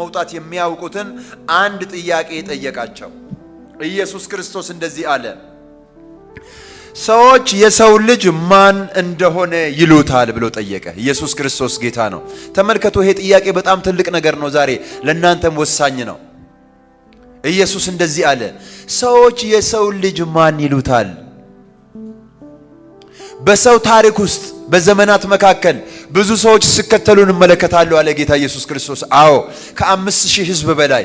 መውጣት የሚያውቁትን አንድ ጥያቄ ጠየቃቸው። ኢየሱስ ክርስቶስ እንደዚህ አለ፣ ሰዎች የሰው ልጅ ማን እንደሆነ ይሉታል ብሎ ጠየቀ። ኢየሱስ ክርስቶስ ጌታ ነው። ተመልከቱ፣ ይሄ ጥያቄ በጣም ትልቅ ነገር ነው። ዛሬ ለእናንተም ወሳኝ ነው። ኢየሱስ እንደዚህ አለ፣ ሰዎች የሰው ልጅ ማን ይሉታል? በሰው ታሪክ ውስጥ በዘመናት መካከል ብዙ ሰዎች ሲከተሉ እንመለከታለሁ አለ ጌታ ኢየሱስ ክርስቶስ። አዎ ከአምስት ሺህ ህዝብ በላይ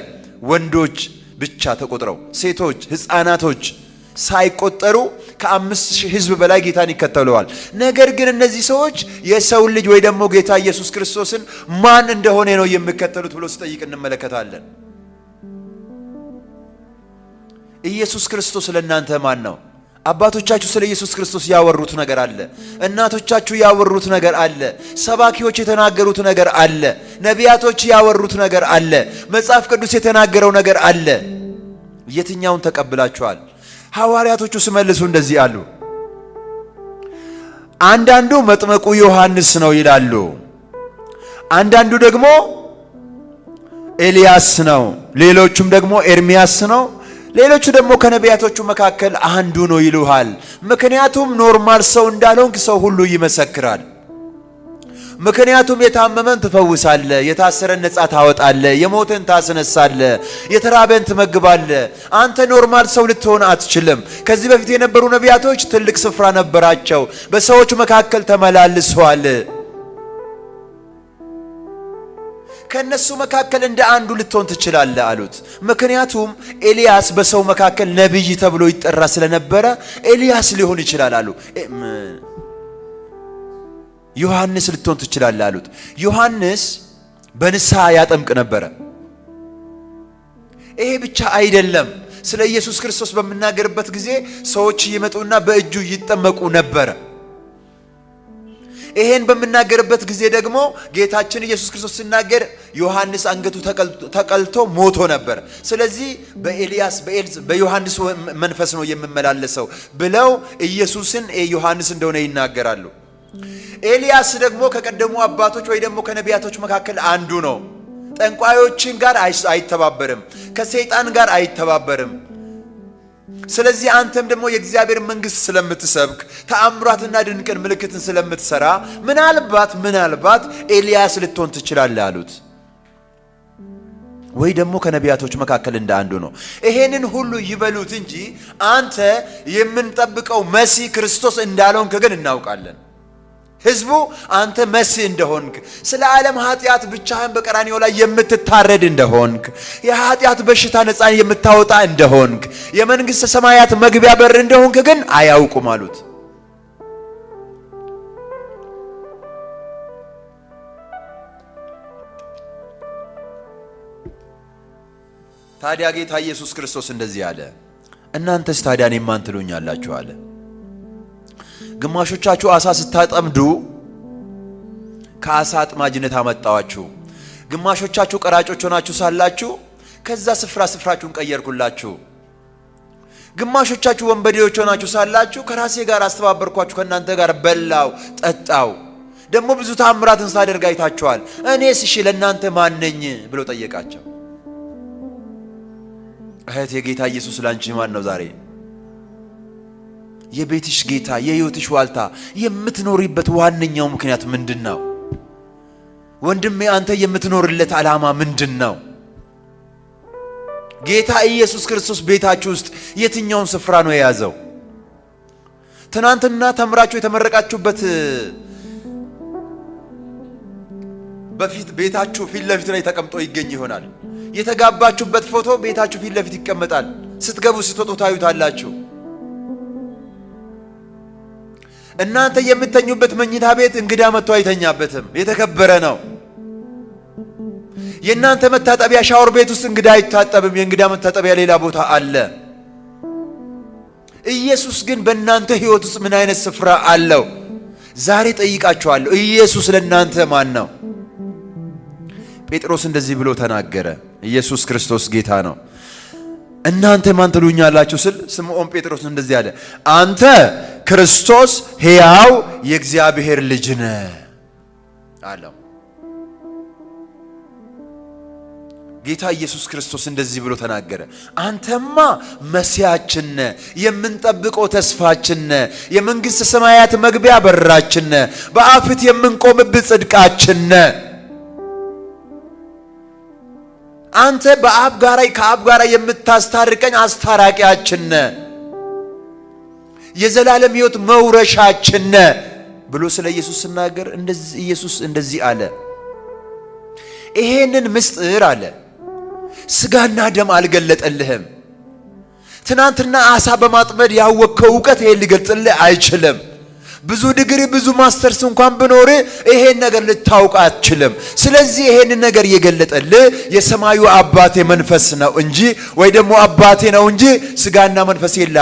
ወንዶች ብቻ ተቆጥረው ሴቶች፣ ህፃናቶች ሳይቆጠሩ ከአምስት ሺህ ህዝብ በላይ ጌታን ይከተለዋል። ነገር ግን እነዚህ ሰዎች የሰው ልጅ ወይ ደግሞ ጌታ ኢየሱስ ክርስቶስን ማን እንደሆነ ነው የሚከተሉት ብሎ ሲጠይቅ እንመለከታለን። ኢየሱስ ክርስቶስ ለእናንተ ማን ነው? አባቶቻችሁ ስለ ኢየሱስ ክርስቶስ ያወሩት ነገር አለ። እናቶቻችሁ ያወሩት ነገር አለ። ሰባኪዎች የተናገሩት ነገር አለ። ነቢያቶች ያወሩት ነገር አለ። መጽሐፍ ቅዱስ የተናገረው ነገር አለ። የትኛውን ተቀብላችኋል? ሐዋርያቶቹ ስመልሱ እንደዚህ አሉ። አንዳንዱ መጥመቁ ዮሐንስ ነው ይላሉ። አንዳንዱ ደግሞ ኤልያስ ነው፣ ሌሎቹም ደግሞ ኤርሚያስ ነው ሌሎቹ ደግሞ ከነቢያቶቹ መካከል አንዱ ነው ይሉሃል። ምክንያቱም ኖርማል ሰው እንዳልሆንክ ሰው ሁሉ ይመሰክራል። ምክንያቱም የታመመን ትፈውሳለ፣ የታሰረን ነጻ ታወጣለ፣ የሞተን ታስነሳለ፣ የተራበን ትመግባለ። አንተ ኖርማል ሰው ልትሆን አትችልም። ከዚህ በፊት የነበሩ ነቢያቶች ትልቅ ስፍራ ነበራቸው፣ በሰዎች መካከል ተመላልሰዋል። ከእነሱ መካከል እንደ አንዱ ልትሆን ትችላለህ አሉት። ምክንያቱም ኤልያስ በሰው መካከል ነቢይ ተብሎ ይጠራ ስለነበረ ኤልያስ ሊሆን ይችላል አሉ። ዮሐንስ ልትሆን ትችላለህ አሉት። ዮሐንስ በንስሐ ያጠምቅ ነበረ። ይሄ ብቻ አይደለም። ስለ ኢየሱስ ክርስቶስ በምናገርበት ጊዜ ሰዎች እየመጡና በእጁ ይጠመቁ ነበረ። ይሄን በምናገርበት ጊዜ ደግሞ ጌታችን ኢየሱስ ክርስቶስ ሲናገር ዮሐንስ አንገቱ ተቀልቶ ሞቶ ነበር። ስለዚህ በኤልያስ በኤልዝ በዮሐንስ መንፈስ ነው የምመላለሰው ብለው ኢየሱስን ዮሐንስ እንደሆነ ይናገራሉ። ኤልያስ ደግሞ ከቀደሙ አባቶች ወይ ደግሞ ከነቢያቶች መካከል አንዱ ነው። ጠንቋዮችን ጋር አይተባበርም፣ ከሰይጣን ጋር አይተባበርም። ስለዚህ አንተም ደግሞ የእግዚአብሔር መንግሥት ስለምትሰብክ ተአምራትና ድንቅን ምልክትን ስለምትሰራ ምናልባት ምናልባት ኤልያስ ልትሆን ትችላለህ አሉት። ወይ ደግሞ ከነቢያቶች መካከል እንደ አንዱ ነው። ይሄንን ሁሉ ይበሉት እንጂ አንተ የምንጠብቀው መሲህ ክርስቶስ እንዳልሆንክ ግን እናውቃለን። ህዝቡ አንተ መሲህ እንደሆንክ ስለ ዓለም ኃጢአት ብቻህን በቀራኒዮ ላይ የምትታረድ እንደሆንክ የኃጢአት በሽታ ነፃን የምታወጣ እንደሆንክ የመንግሥተ ሰማያት መግቢያ በር እንደሆንክ ግን አያውቁም አሉት። ታዲያ ጌታ ኢየሱስ ክርስቶስ እንደዚህ አለ፣ እናንተስ ታዲያ እኔ ማን ትሉኛላችሁ? አለ ግማሾቻችሁ አሳ ስታጠምዱ ከአሳ አጥማጅነት አመጣዋችሁ። ግማሾቻችሁ ቀራጮች ሆናችሁ ሳላችሁ ከዛ ስፍራ ስፍራችሁን ቀየርኩላችሁ። ግማሾቻችሁ ወንበዴዎች ሆናችሁ ሳላችሁ ከራሴ ጋር አስተባበርኳችሁ፣ ከእናንተ ጋር በላው ጠጣው። ደግሞ ብዙ ታምራትን ሳደርግ አይታችኋል። እኔስ እሺ ለእናንተ ማነኝ ብሎ ጠየቃቸው። እህት የጌታ ኢየሱስ ላንቺ ማን ነው ዛሬ? የቤትሽ ጌታ የሕይወትሽ ዋልታ የምትኖሪበት ዋነኛው ምክንያት ምንድን ነው? ወንድሜ አንተ የምትኖርለት ዓላማ ምንድን ነው? ጌታ ኢየሱስ ክርስቶስ ቤታችሁ ውስጥ የትኛውን ስፍራ ነው የያዘው? ትናንትና ተምራችሁ የተመረቃችሁበት በፊት ቤታችሁ ፊት ለፊት ላይ ተቀምጦ ይገኝ ይሆናል። የተጋባችሁበት ፎቶ ቤታችሁ ፊት ለፊት ይቀመጣል። ስትገቡ ስትወጡ ታዩታላችሁ። እናንተ የምተኙበት መኝታ ቤት እንግዳ መጥቶ አይተኛበትም፣ የተከበረ ነው። የእናንተ መታጠቢያ ሻወር ቤት ውስጥ እንግዳ አይታጠብም። የእንግዳ መታጠቢያ ሌላ ቦታ አለ። ኢየሱስ ግን በእናንተ ሕይወት ውስጥ ምን አይነት ስፍራ አለው? ዛሬ ጠይቃችኋለሁ። ኢየሱስ ለእናንተ ማን ነው? ጴጥሮስ እንደዚህ ብሎ ተናገረ። ኢየሱስ ክርስቶስ ጌታ ነው። እናንተ ማን ትሉኛላችሁ ስል ስምዖን ጴጥሮስ እንደዚህ አለ፣ አንተ ክርስቶስ ሕያው የእግዚአብሔር ልጅ ነህ አለው። ጌታ ኢየሱስ ክርስቶስ እንደዚህ ብሎ ተናገረ። አንተማ መሲያችን ነህ፣ የምንጠብቀው ተስፋችን ነህ፣ የመንግሥተ ሰማያት መግቢያ በራችን ነህ፣ በአፍት የምንቆምብህ ጽድቃችን ነህ። አንተ በአብ ጋራ ከአብ ጋራ የምታስታርቀኝ አስታራቂያችን ነህ። የዘላለም ሕይወት መውረሻችን ነ ብሎ ስለ ኢየሱስ ስናገር ኢየሱስ እንደዚህ አለ። ይሄንን ምስጢር አለ ስጋና ደም አልገለጠልህም። ትናንትና አሳ በማጥመድ ያወቅከው እውቀት ይሄን ሊገልጥልህ አይችልም። ብዙ ድግሪ ብዙ ማስተርስ እንኳን ብኖር ይሄን ነገር ልታውቅ አትችልም። ስለዚህ ይሄን ነገር የገለጠልህ የሰማዩ አባቴ መንፈስ ነው እንጂ ወይ ደግሞ አባቴ ነው እንጂ ስጋና መንፈስ የላ